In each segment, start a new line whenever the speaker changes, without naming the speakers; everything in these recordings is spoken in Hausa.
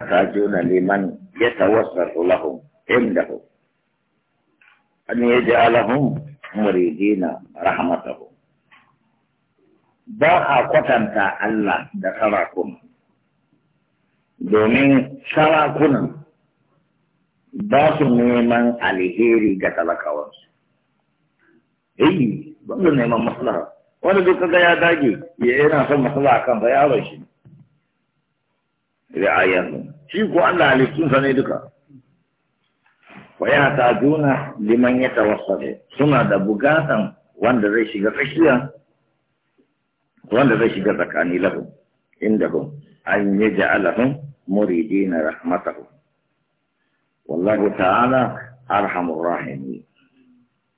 راجون لمن يتوسط لهم عنده أن يجعلهم مريدين رحمته باء Allah da دخلكم domin sarakunan ba su neman alheri ga talakawarsu. Eyi, ba su neman maslaha. Wani duk ga ya dage ya yana son maslaha kan bayawar shi ne. ri'ayahu shi ko Allah halittun sa ne duka wa ya tajuna liman ya tawassale suna da bugatan wanda zai shiga tsakiya wanda zai shiga tsakani lahu indahum an yaj'alahum muridina rahmatahu wallahu ta'ala arhamur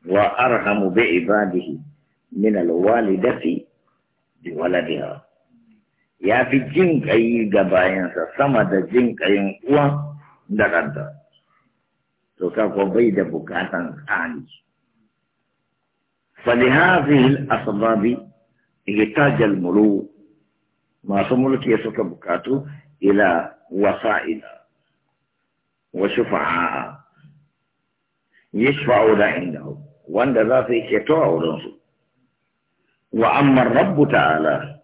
wa arhamu bi ibadihi min alwalidati bi waladiha ya fi jin ƙayi ga bayansa sama da jin ƙayin uwa da ƙanta to kako bai da bukatan tsani فلهذه الأسباب يحتاج الملوك ما سملك يسوك بكاته إلى وسائل وشفعاء يشفع لا عنده وان ذا في شتوى ورنسو وأما الرب تعالى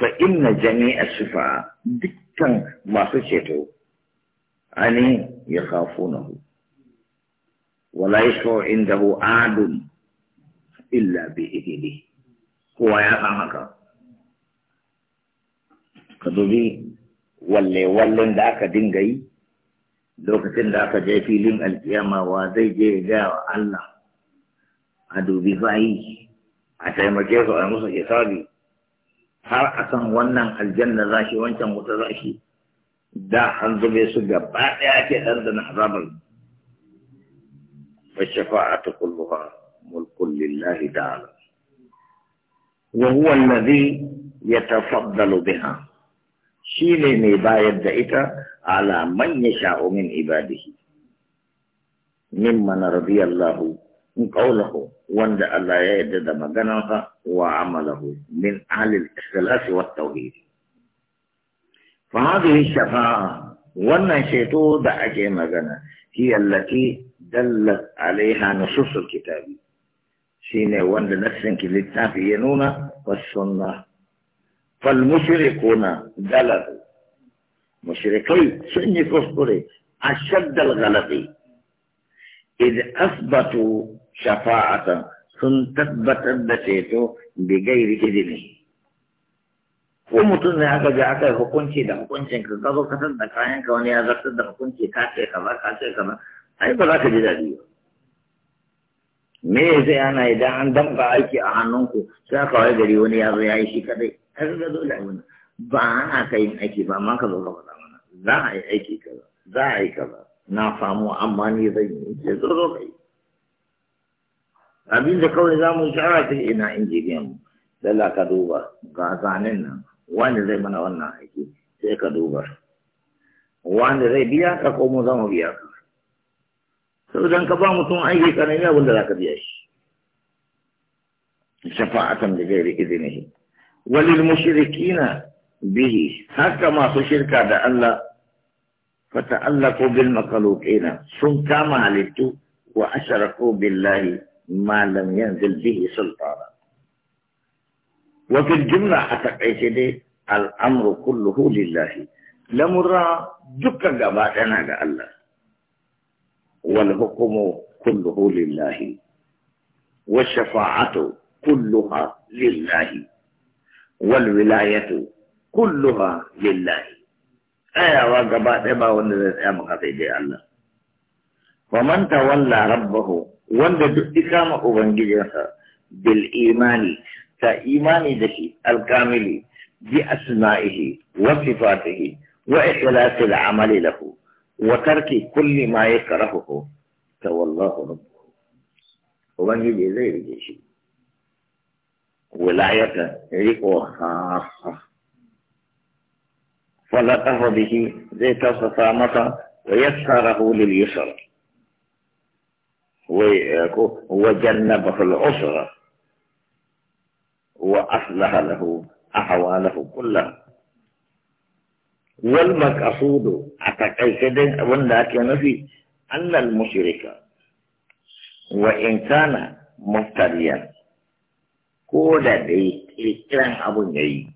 fa inna jami'a sufa dukkan masu ceto ani ya hu wala da hu adun illa bi idnihi kowa ya san haka ka dubi walle wallen da aka dinga yi lokacin da aka je filin alkiyama wa zai je ya gaya wa Allah a dubi bayi a taimake su a musu hisabi har a kan wannan aljanna za shi wancan wuta za shi da an zube su gaba ɗaya ke ɗan da na azabar wa shafa'a ta ba, mulkun lillahi ta'ala wa huwa alladhi yatafaddalu biha ne mai bayar da ita ala ya sha'o min ibadihi mana radiya Allahu قوله وند الله يدد مغناه وعمله من أهل الإخلاص والتوحيد فهذه الشفاعة وانا شيطو دعك مغنى هي التي دلت عليها نصوص الكتاب سين وند نفسك للتافينون والسنة فالمشركون دلت مشركي سني كفر أشد الغلطي إذ أثبتوا shafa'atan sun tabbatar da ceto bi gairi izini ko mutum ne aka je aka yi hukunci da hukuncin ka ka zo ka san da kayan ka wani ya zartar da hukunci ka ce kaza ka ce kaza ai ba za ka ji daɗi ba me zai ana idan an damba aiki a hannunku sai aka wai gari wani ya zo ya yi shi kadai har ga zo da wani ba ana ka yin aiki ba amma ka zo ka faɗa mana za a yi aiki kaza za a yi kaza na famu amma ni zan yi sai zo zo ka yi abin da kawai za mu yi shara ta ina injiniyan mu lalla ka duba ga zanen nan wanda zai mana wannan aiki sai ka duba wanda zai biya ka ko mu za mu biya ka saboda ka ba mutum aiki ka nemi abin da za ka biya shi shafa'atan da gairi izinihi walil mushrikina bihi haka masu shirka da Allah ko bil makhluqina sun kama halittu wa asharaku billahi ما لم ينزل به سلطانا وفي الجملة أتقيت الأمر كله لله لمرة دك قباتنا الله والحكم كله لله والشفاعة كلها لله والولاية كلها لله أيها وقبات ما ونزل أمك في الله ومن تولى ربه wanda duk isa ma ubangijinsa bil imani ta imani da shi alkamili bi asma'ihi wa sifatihi wa ikhlasi al'amali lahu wa tarki kulli ma yakrahuhu ta wallahu rabbuhu ubangiji zai rike shi wilayata riko ha falaka zai tasafa mata wa yassarahu lil yusra وجنبه العسر وأصلح له أحواله كلها والمقصود أتكيكد ولكن كان في أن المشرك وإن كان مفتريا كودا دي إكران أبو نجي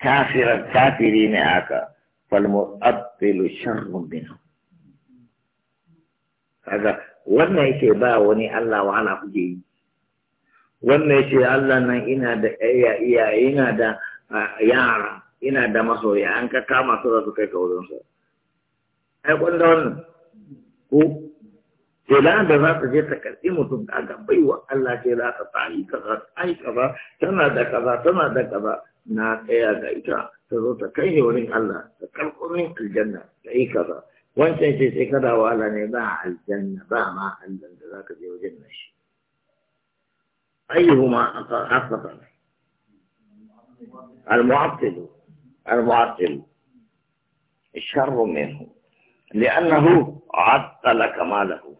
كافر الكافرين آكا فالمؤطل شر منه هذا wannan yake ba wani Allah wahala kuke yi wannan yake Allah nan ina da iya ina da yara ina da masoya an ka kama su da su kai ka wurin su ai kun da wannan ko tela da za ta je ta karɓi mutum da ga baiwa Allah ce za ta tsari kaza ai kaza tana da kaza tana da kaza na tsaya ga ita ta zo ta kai ne wurin Allah ta karɓo min aljanna ta yi kaza وانت تتكبه وقال لي باع الجنة باع مع الذاك في وجنة الشيء أيهما أخطط المعطل المعطل الشر منه لأنه عطل كماله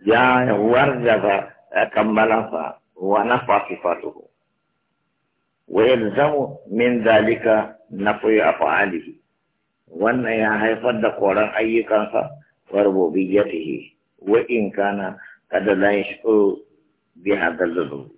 جاء ورجف أكملها ونفى صفاته ويلزم من ذلك نفي أفعاله wannan ya haifar da koran ayyukansa wa rububiyyatihi wa in kana kada la yashuru bi hadal dhunub